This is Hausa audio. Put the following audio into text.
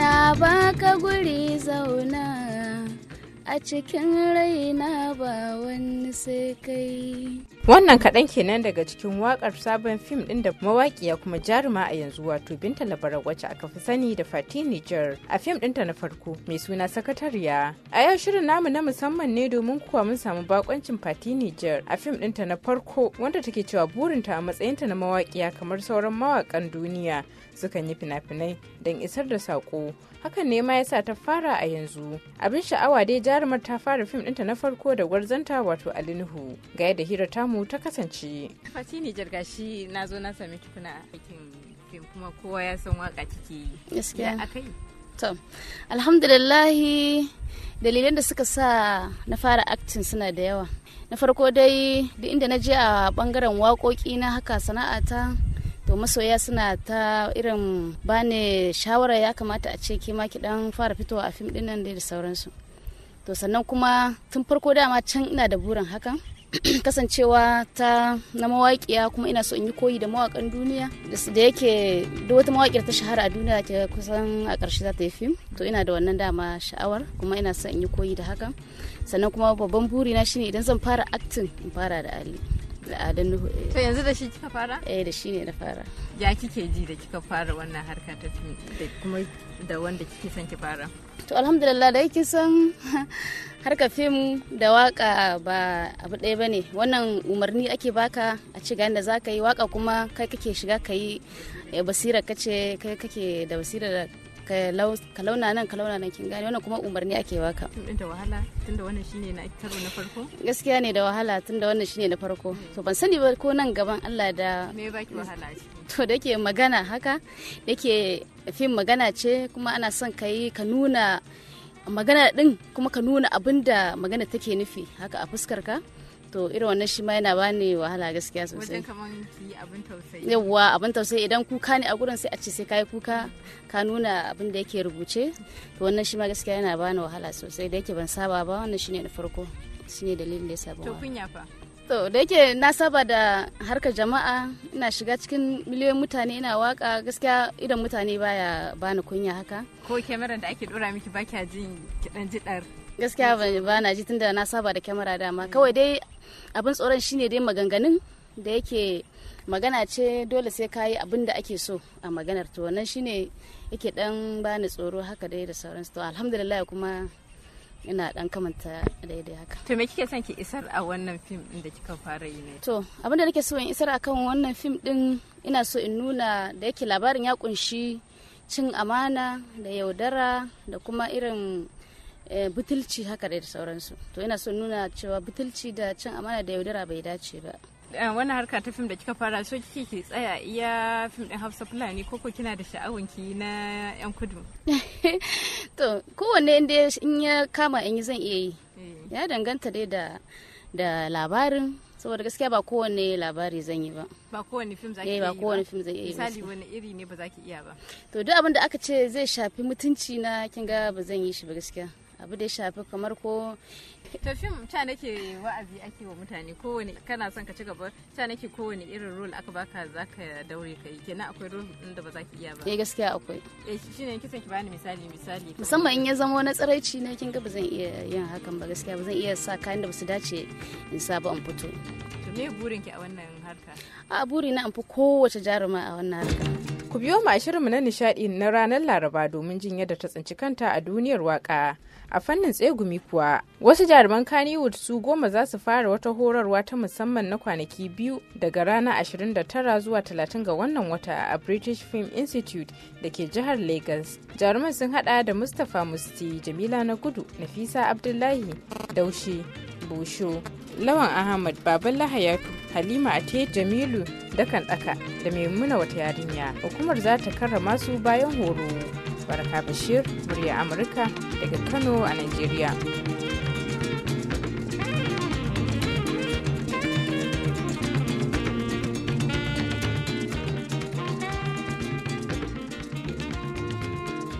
na baka guri zauna a cikin raina ba wani sai kai. Wannan kaɗan kenan daga cikin wakar sabon fim ɗin da mawaƙiya kuma jaruma a yanzu wato Binta labarar wacce aka fi sani da Fati Nijar a fim ɗinta na farko mai suna Sakatariya. A yau shirin namu na musamman ne domin kuwa mun samu bakoncin Fati Nijar a fim ɗinta na farko wanda take cewa burinta a matsayin ta na mawaƙiya kamar sauran mawaƙan duniya sukan yi fina-finai don isar da saƙo. Hakan ne ma yasa ta fara a yanzu. Abin sha'awa dai jarumar ta fara fim ɗinta na farko da gwarzanta wato Alinuhu ga yadda hira tamu ta kasance. jirga Jirgashi na zo na sami tukuna aikin fim kuma kowa ya san waka ciki. Gaskiya. Gaskiya. akai. To, alhamdulillahi dalilan da suka sa na fara aktin suna da yawa. Na farko dai da inda na je a bangaren waƙoƙi na haka sana'ata to masoya suna ta irin bane shawara ya kamata a ce kima ki dan fara fitowa a fim dinnan da sauransu. to sannan kuma tun farko dama can ina da burin hakan kasancewa ta na mawaƙiya kuma ina so in yi koyi da mawaƙan duniya da yake duk wata mawaƙiyar ta shahara a duniya ke kusan a ƙarshe za ta yi fim to ina da wannan dama sha'awar kuma ina so in yi koyi da hakan sannan kuma babban burina shine idan zan fara acting in fara da ali al'adun nuhu eh. to yanzu da shi kika fara eh da shi ne na fara ya kike ji da kika fara wannan harka ta fim da kuma da wanda kike son ki fara to alhamdulillah da kike san harka fim da waka ba abu ɗaya ba ne wannan umarni ake baka a ci ga da za ka yi waka kuma kai kake shiga ka yi eh, basira kace kai kake da basira ka launa nan ka launa nan kin gane wannan kuma umarni ake baka mm, da wahala tunda wannan shine na karo na farko gaskiya ne da wahala tunda wannan shine na farko mm. to ban sani ba ko nan gaban Allah da me baki wahala to da ke magana haka da ke fim magana ce kuma ana son ka ka nuna magana din kuma ka nuna abinda da magana take nufi haka a fuskar ka to irin wannan shi ma yana bani wahala gaskiya sosai wajen kaman ki abin tausayi abin tausayi idan kuka ne a gurin sai a ce sai kai kuka ka nuna abin da yake rubuce to wannan shi ma gaskiya yana bani wahala sosai da yake ban saba ba wannan shine na farko shine dalilin da yasa ban to kunya fa to da yake na saba da harkar jama'a ina shiga cikin miliyoyin mutane ina waka gaskiya idan mutane baya bani kunya haka ko kyamarar da ake dora miki ba kya jin kidan jidar gaskiya ba na ji tunda na saba da kyamara dama kawai dai abin tsoron shine dai maganganun da yake magana ce dole sai kayi abin da ake so a maganar to wannan shine yake dan bani tsoro haka dai da sauran to alhamdulillah kuma ina dan kamanta daidai haka to me kike son ki isar a wannan fim din da kika fara yi ne to abin da nake so in isar akan wannan fim din ina so in nuna da yake labarin ya kunshi cin amana da yaudara da kuma irin Eh, butulci haka da sauransu to ina son nuna cewa butulci da cin amana da yaudara bai dace ba eh, wannan harka ta fim da kika fara so kike ki tsaya iya fim din Hausa Fulani koko kina da sha'awun ki na yan kudu to kowanne inda in ya kama in yi zan iya yi eh. ya danganta dai da da labarin saboda gaskiya ba kowanne labari zan yi ba ba kowanne fim zaki iya ba zai misali wani iri ne ba zaki iya ba to duk abin da aka ce zai shafi mutunci na kinga ba zan yi shi ba gaskiya abu da shafi kamar ko to fim ta nake wa'azi ake wa mutane kowane kana son ka ci gaba ta nake kowane irin role aka baka zaka daure kai kenan akwai role din da ba za ki iya ba eh gaskiya akwai eh shine kike son ki bani misali misali musamman in ya zama na tsaraici na kin ga ba zan iya yin hakan ba gaskiya ba zan iya sa kayan da ba su dace in sa ba in fito to me burin ki a wannan harka a burina an fi kowace jaruma a wannan harka Ku biyo mu a shirinmu na nishadi na ranar Laraba domin jin yadda ta tsinci kanta a duniyar waka. A fannin tsegumi kuwa, wasu jaruman Kannywood su goma za su fara wata horarwa ta musamman na kwanaki biyu daga ranar 29 zuwa 30 ga wannan wata a British Film Institute da ke jihar Lagos. Jaruman sun hada da Mustapha Musti, Jamila na Gudu, Nafisa Abdullahi, Daushe, Busho, Lawan Ahmad, Baban Lahayatu halima ate jamilu dakan daka da maimuna wata yarinya hukumar za ta karrama su bayan horo barka bashir murya amurka daga kano a nigeria